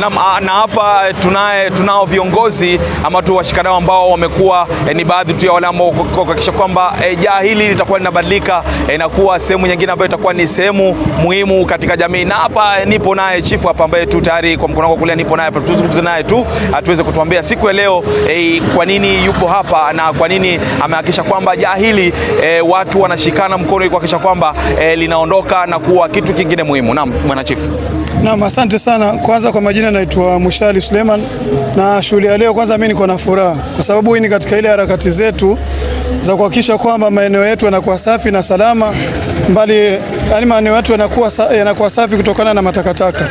Na, na hapa tunaye tunao viongozi ama tu washikadau ambao wamekuwa eh, ni baadhi tu ya wale ambao kuhakikisha kwamba eh, jaa hili litakuwa linabadilika eh, na kuwa sehemu nyingine ambayo itakuwa ni sehemu muhimu katika jamii. Na hapa eh, nipo naye chifu hapa ambaye tu tayari kwa mkono wako kulia, nipo naye tuzungumze naye tu atuweze ah, kutuambia siku ya leo eh, kwa nini yupo hapa na kwa nini amehakikisha kwamba jaa hili eh, watu wanashikana mkono ili kuhakikisha kwamba eh, linaondoka na kuwa kitu kingine muhimu. Naam, mwana chifu. Naam, asante sana. Kwanza kwa majina naitwa Mushali Suleiman, na shughuli ya leo kwanza mimi niko na furaha kwa sababu hii ni katika ile harakati zetu za kuhakikisha kwamba maeneo yetu yanakuwa safi na salama, mbali yani maeneo yetu yanakuwa yanakuwa safi kutokana na matakataka.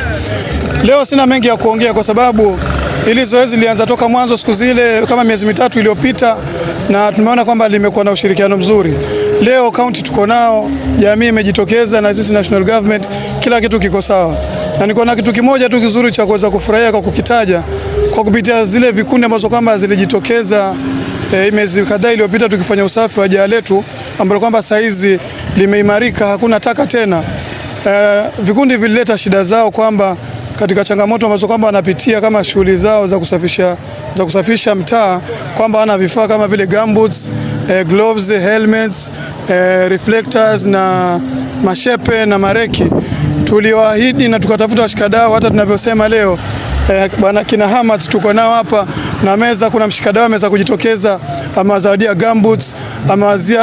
Leo sina mengi ya kuongea kwa sababu ili zoezi lilianza toka mwanzo siku zile kama miezi mitatu iliyopita, na tumeona kwamba limekuwa na ushirikiano mzuri. Leo kaunti tuko nao, jamii imejitokeza na sisi national government, kila kitu kiko sawa na niko na kitu kimoja tu kizuri cha kuweza kufurahia kwa kukitaja kwa kupitia zile vikundi ambazo kwamba zilijitokeza e, miezi kadhaa iliyopita tukifanya usafi wa jaa letu ambalo kwamba saizi limeimarika, hakuna taka tena. E, vikundi vilileta shida zao kwamba katika changamoto ambazo kwamba wanapitia kama shughuli zao za kusafisha, za kusafisha mtaa kwamba wana vifaa kama vile gumboots, e, gloves, helmets, e, reflectors na mashepe na mareki tulioahidi na tukatafuta washikadau hata tunavyosema leo eh, bwana kina Hamas tuko nao hapa na meza. Kuna mshikadau ameweza kujitokeza, amewazawadia gumboots,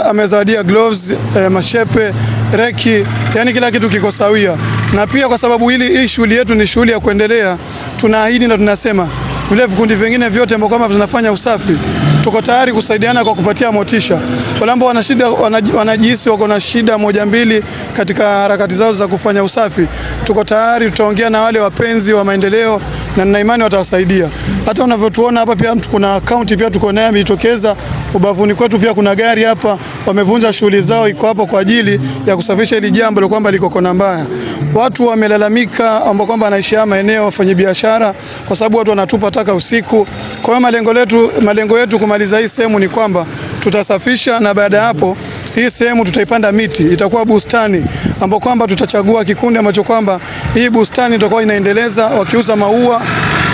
amezawadia gloves eh, mashepe, reki, yani kila kitu kiko sawia. Na pia kwa sababu hili hii shughuli yetu ni shughuli ya kuendelea, tunaahidi na tunasema vile vikundi vingine vyote ambao kama tunafanya usafi tuko tayari kusaidiana kwa kupatia motisha wale ambao wana shida, wanajihisi wako na shida moja mbili katika harakati zao za kufanya usafi. Tuko tayari, tutaongea na wale wapenzi wa maendeleo na nina imani watawasaidia. Hata unavyotuona hapa pia kuna kaunti pia tuko naye ameitokeza ubavuni kwetu. Pia kuna gari hapa wamevunja shughuli zao, iko hapo kwa ajili ya kusafisha hili jambo kwamba liko kona mbaya. Watu wamelalamika ambao kwamba anaishi haya maeneo biashara, kwa sababu watu wanatupa taka usiku. Kwa hiyo malengo letu, malengo yetu kumaliza hii sehemu ni kwamba tutasafisha na baada ya hapo hii sehemu tutaipanda miti, itakuwa bustani ambao kwamba tutachagua kikundi ambacho kwamba hii bustani itakuwa inaendeleza, wakiuza maua,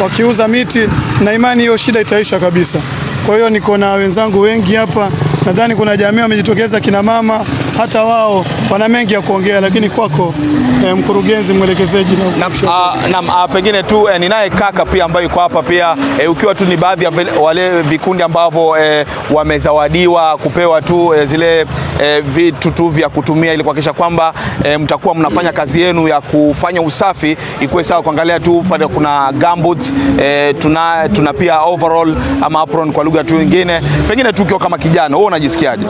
wakiuza miti, na imani hiyo shida itaisha kabisa. Kwa hiyo niko na wenzangu wengi hapa, nadhani kuna jamii wamejitokeza, kina mama hata wao wana mengi ya kuongea, lakini kwako eh, mkurugenzi mwelekezeji na, na ah, ah, pengine tu eh, ninaye kaka pia ambayo yuko hapa pia eh, ukiwa tu ni baadhi ya wale vikundi ambavyo eh, wamezawadiwa kupewa tu eh, zile eh, vitu tu vya kutumia ili kuhakikisha kwamba eh, mtakuwa mnafanya kazi yenu ya kufanya usafi ikuwe sawa. Kuangalia tu pale kuna gumboots eh, tuna, tuna pia overall ama apron kwa lugha tu nyingine. Pengine tu ukiwa kama kijana wewe unajisikiaje?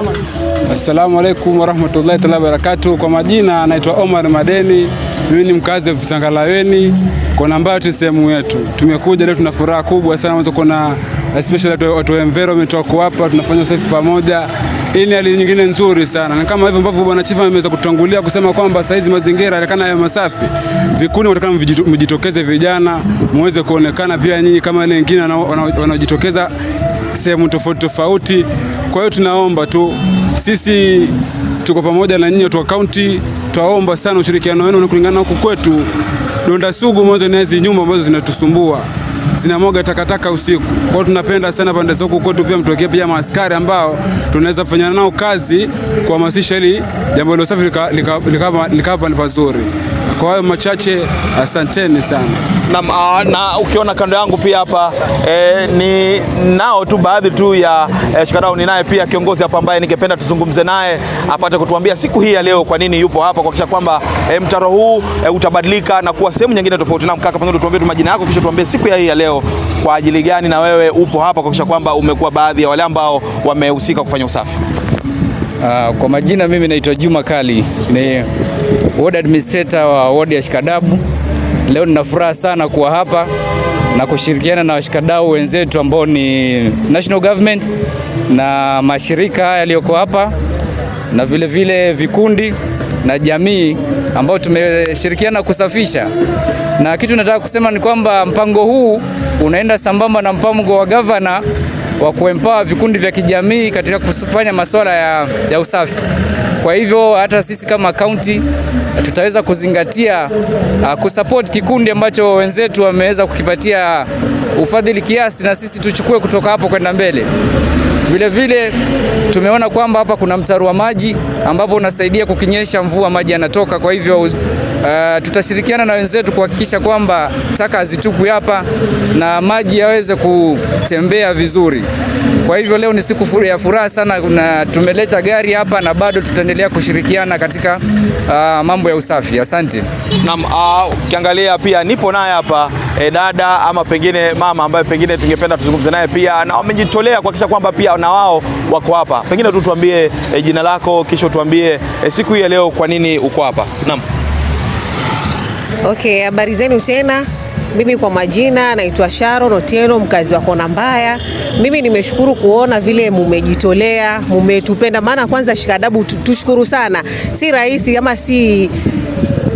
Assalamu alaykum wa rahmatullahi taala barakatu. Kwa majina anaitwa Omar Madeni, mimi ni mkazi wa Vitangalaweni Konambati, sehemu yetu. Tumekuja leo, tuna furaha kubwa sana mwanzo, kuna especially eh, watu wa environment wako hapa, tunafanya usafi pamoja. Hii ni hali nyingine nzuri sana, na kama hivyo ambavyo bwana chifu ameweza kutangulia kusema kwamba saa hizi mazingira yanaonekana ya masafi. Vikundi watakana mjitokeze, vijana muweze kuonekana pia nyinyi kama wale wengine wanaojitokeza sehemu tofauti tofauti. Kwa hiyo tunaomba tu sisi tuko pamoja na nyinyi watu wa kaunti. Twaomba sana ushirikiano wenu na kulingana huku kwetu donda sugu mwanzo ni hizi nyumba ambazo zinatusumbua zinamwaga takataka usiku. kwao tunapenda sana pande za huku kwetu pia mtokee pia maaskari ambao tunaweza kufanya nao kazi kuhamasisha ili jambo hilo safi likawa pale pazuri. Kwa hayo machache, asanteni sana. Na, ah, na ukiona kando yangu pia hapa e, ni nao tu baadhi tu ya e, eh, shikadau. naye pia kiongozi hapa ambaye ningependa tuzungumze naye apate kutuambia siku hii ya leo kwa nini yupo hapa kuhakikisha kwamba e, mtaro huu e, utabadilika na kuwa sehemu nyingine tofauti. Na mkaka, pengine tuambie tu majina yako kisha tuambie siku hii ya leo kwa ajili gani na wewe upo hapa kuhakikisha kwamba umekuwa baadhi ya wale ambao wamehusika kufanya usafi. Uh, kwa majina mimi naitwa Juma Kali ni ward administrator wa ward ya Shikadabu. Leo nina furaha sana kuwa hapa na kushirikiana na washikadau wenzetu ambao ni national government na mashirika haya yaliyoko hapa na vile vile vikundi na jamii ambao tumeshirikiana kusafisha. Na kitu nataka kusema ni kwamba mpango huu unaenda sambamba na mpango wa gavana wa kuempower vikundi vya kijamii katika kufanya masuala ya, ya usafi. Kwa hivyo hata sisi kama kaunti tutaweza kuzingatia uh, kusupport kikundi ambacho wenzetu wameweza kukipatia ufadhili kiasi, na sisi tuchukue kutoka hapo kwenda mbele. vile vile tumeona kwamba hapa kuna mtaro wa maji ambapo unasaidia kukinyesha mvua, maji yanatoka. Kwa hivyo uh, tutashirikiana na wenzetu kuhakikisha kwamba taka hazitupwi hapa na maji yaweze kutembea vizuri. Kwa hivyo leo ni siku ya furaha sana, na tumeleta gari hapa na bado tutaendelea kushirikiana katika uh, mambo ya usafi. Asante. Naam, ah, ukiangalia uh, pia nipo naye hapa e, dada ama pengine mama ambaye pengine tungependa tuzungumze naye pia, na wamejitolea kuhakikisha kwamba pia na wao wako hapa. Pengine tu tuambie e, jina lako kisha tuambie e, siku hii ya leo kwa nini uko hapa. Naam. Okay, habari zenu tena. Mimi kwa majina naitwa Sharon Otieno, mkazi wa Kona Mbaya. Mimi nimeshukuru kuona vile mumejitolea, mumetupenda. Maana kwanza shikadabu, tushukuru sana. Si rahisi ama si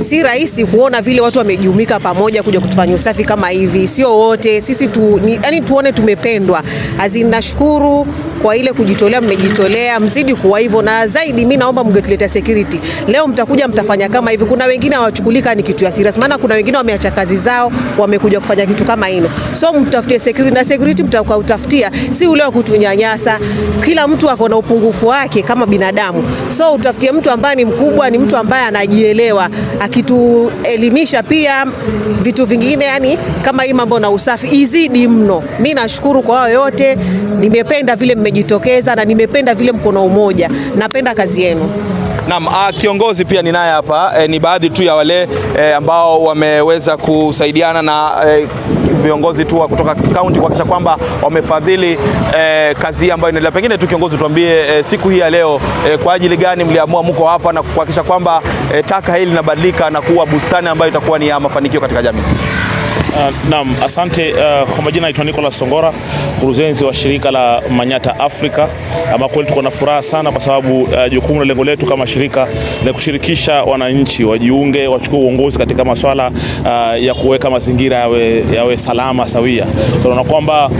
si rahisi kuona vile watu wamejiumika pamoja kuja kutufanya usafi kama hivi. Sio wote sisi tu, ni, yani tuone tumependwa. Azinashukuru kwa ile kujitolea mmejitolea, mzidi kuwa hivyo, na zaidi mimi naomba mngetuletea security. Leo mtakuja mtafanya kama hivi, kuna wengine hawachukulika ni kitu ya serious, maana kuna wengine wameacha kazi zao wamekuja kufanya kitu kama hino, so mtafutie security na security utafutia, si ule wa kutunyanyasa. Kila mtu ako na upungufu wake kama binadamu, so utafutie mtu ambaye ni mkubwa, ni mtu ambaye anajielewa, akituelimisha pia vitu vingine, yani kama hii mambo na usafi izidi mno. Mimi nashukuru kwa wao yote, nimependa vile mme mmejitokeza na nimependa vile mkono umoja. Napenda kazi yenu. Naam, ah, kiongozi pia ninaye hapa e, ni baadhi tu ya wale e, ambao wameweza kusaidiana na e, viongozi tu kutoka kaunti kuhakikisha kwamba wamefadhili eh, kazi hii ambayo inaendelea. Pengine tu kiongozi, tuambie eh, siku hii ya leo eh, kwa ajili gani mliamua mko hapa na kuhakikisha kwamba eh, taka hili linabadilika na kuwa bustani ambayo itakuwa ni ya mafanikio katika jamii? Uh, naam, asante uh, kwa majina naitwa Nicolas Songora, mkurugenzi wa shirika la Manyata afrika Ama kweli tuko na furaha sana kwa sababu uh, jukumu na lengo letu kama shirika ni kushirikisha wananchi wajiunge, wachukue uongozi katika masuala uh, ya kuweka mazingira yawe, yawe salama sawia. Tunaona kwamba uh,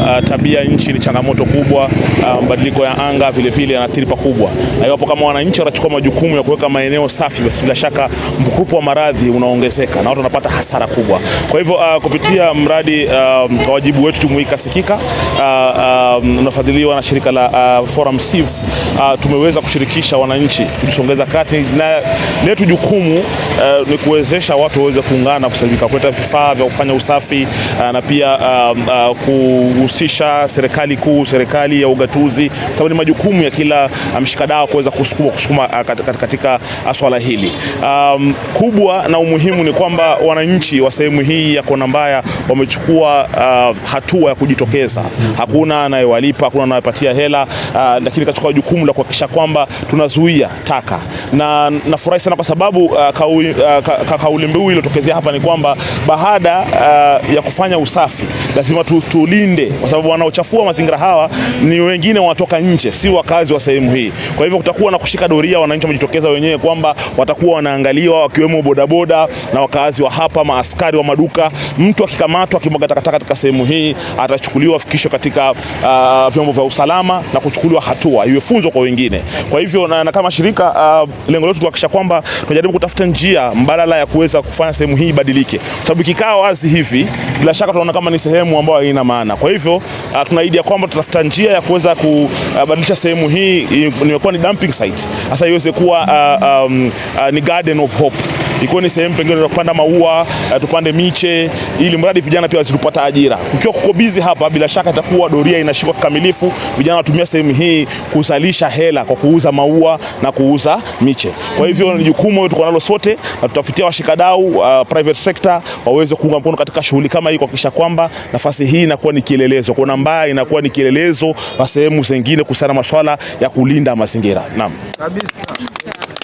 uh tabia nchi ni changamoto kubwa, uh, mabadiliko uh, ya anga vile vile yanaathiri pakubwa. Iwapo kama wananchi watachukua majukumu ya kuweka maeneo safi, bila shaka mkupo wa maradhi unaongezeka na watu wanapata hasara kubwa. Kwa hivyo uh, kupitia mradi uh, wajibu wetu Jumuika Sikika uh, uh, na shirika la uh, Forum Sif uh, tumeweza kushirikisha wananchi kujisongeza kati na letu jukumu uh, ni kuwezesha watu waweze kuungana kusaidika kuleta vifaa vya kufanya usafi uh, na pia uh, uh, kuhusisha serikali kuu, serikali ya ugatuzi, sababu ni majukumu ya kila uh, mshikadau kuweza kusukuma kusukuma uh, katika, katika uh, swala hili um, kubwa na umuhimu ni kwamba wananchi wa sehemu hii hii ya kona mbaya wamechukua uh, hatua ya kujitokeza. Hakuna anayewalipa, hakuna anayepatia hela uh, lakini kachukua jukumu la kuhakikisha kwamba tunazuia taka, na nafurahi sana kwa sababu uh, kauli uh, ka, ka, kauli mbiu iliyotokezea hapa ni kwamba baada uh, ya kufanya usafi lazima tulinde, kwa sababu wanaochafua mazingira hawa ni wengine wanatoka nje, si wakazi wa sehemu hii. Kwa hivyo kutakuwa na kushika doria, wananchi wamejitokeza wenyewe kwamba watakuwa wanaangaliwa, wakiwemo bodaboda na wakazi wa hapa, maaskari wa maduka kuzunguka. Mtu akikamatwa akimwaga takataka katika sehemu hii atachukuliwa fikisho katika uh, vyombo vya usalama na kuchukuliwa hatua, iwe funzo kwa wengine. Kwa hivyo na, na kama shirika uh, lengo letu kuhakikisha kwamba tunajaribu kutafuta njia mbadala ya kuweza kufanya sehemu hii ibadilike, kwa sababu ikikaa wazi hivi bila shaka tunaona kama ni sehemu ambayo haina maana. Kwa hivyo uh, ah, tunaahidi ya kwamba tutafuta njia ya kuweza kubadilisha sehemu hii, nimekuwa ni dumping site sasa iweze kuwa uh, um, uh, ni garden of hope ikuwe ni sehemu pengine za kupanda maua, eh, tupande miche, ili mradi vijana pia wasitupata ajira. Ukiwa kuko bizi hapa, bila shaka itakuwa doria inashikwa kikamilifu. Vijana watumia sehemu hii kuzalisha hela kwa kuuza maua na kuuza miche. Kwa hivyo ni jukumu tuko nalo sote, na tutafutia washikadau uh, private sector waweze kuunga mkono katika shughuli kama hii, kuhakikisha kwamba nafasi hii inakuwa ni kielelezo kwa namba, inakuwa ni kielelezo kwa sehemu zingine kuhusiana na masuala ya kulinda mazingira. Naam, kabisa.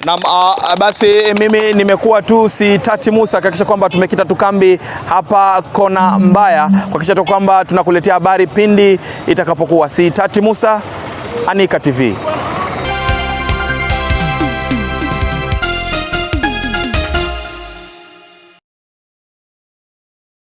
Na uh, ah, ah, basi eh, mimi nimekuwa tu si tati Musa kuhakikisha kwamba tumekita tukambi hapa kona mbaya, kuhakikisha tu kwamba tunakuletea habari pindi itakapokuwa. Si tati Musa, Anika TV.